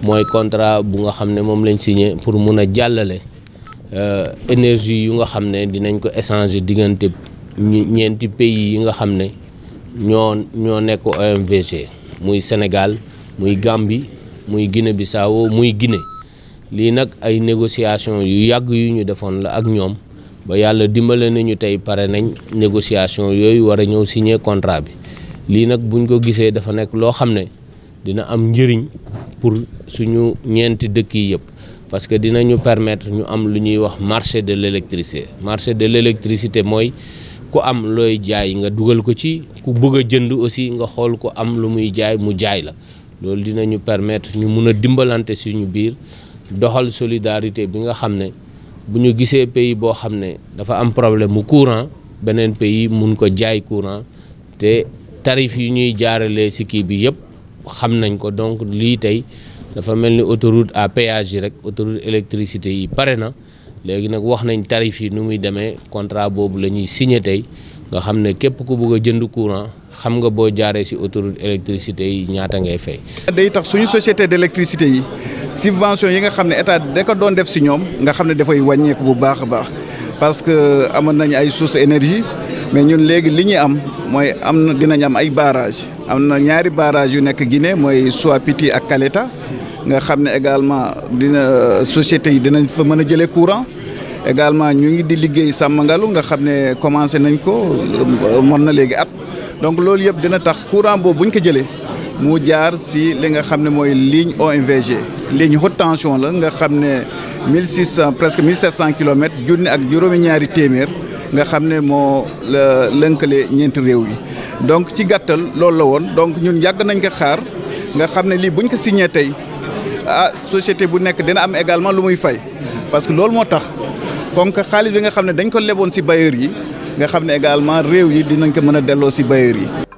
mooy contrat bu nga xam ne moom lañ signé pour mun a jàllale euh, énergie yu nga xam ne dinañ ko échanger diggante ñeenti pays yi nga xam ne ñoo ñoo nekk OMVG muy Sénégal muy Gambie muy Guinée-Bissau muy Guinée lii nag ay négociation yu yàgg yu ñu defoon la ak ñoom ba yàlla dimbale nañu tey pare nañ négociation yooyu war a ñëw signer contrat bi lii nag buñ ko gisee dafa nekk loo xam ne dina am njëriñ pour suñu ñeenti dëkk yi yëpp parce que dinañu permettre ñu am lu ñuy wax marché de l'électricité marché de l'électricité mooy ku am looy jaay nga dugal ko ci ku bëgg a jënd aussi nga xool ku am lu muy jaay mu jaay la loolu dina ñu permettre ñu mun a dimbalante suñu biir doxal solidarité bi nga xam ne bu ñu gisee pays boo xam ne dafa am problème mu courant beneen pays mun ko jaay courant te tarif yi ñuy jaaralee si kii bi yëpp xam nañ ko donc lii tey dafa mel ni autoroute à péage yi rek autoroute électricité yi pare na léegi nag wax nañ tarif yi nu muy demee contrat boobu la ñuy signé tey nga xam ne képp ku bugg a jënd courant xam nga boo jaaree si autoroute électricité yi ñaata ngay fay. day tax suñu société d'électricité yi. subvention yi nga xam ne état da ko doon def si ñoom nga xam ne dafay wàññeeku bu baax a baax parce que amoon nañ ay source énergie mais ñun léegi li ñuy am mooy am na dinañ am ay barrage am na ñaari barrage yu nekk Guinée mooy Souapiti ak Caleta nga xam ne également dina sociétés yi dinañ fa mën a jëlee courant également ñu ngi di liggéey sàmm ngalu nga xam ne commencé nañ ko mën na léegi at donc loolu yëpp dina tax courant boobu buñ ko jëlee mu jaar si li nga xam ne mooy ligne OMVG ligne haute tension la nga xam ne mille six cent presque mille sept cent kilomètres junni ak juróomi ñaari téeméer nga xam ne moo la lënkale ñeenti réew yi donc ci gàttal loolu la woon donc ñun yàgg nañ ko xaar nga xam ne lii buñ ko signé tey ah société bu nekk dina am également lu muy fay parce que loolu moo tax konk que xaalis bi nga xam ne dañ ko leboon si bailleurs yi nga xam ne également réew yi dinañ ko mën a delloo si bailleurs yi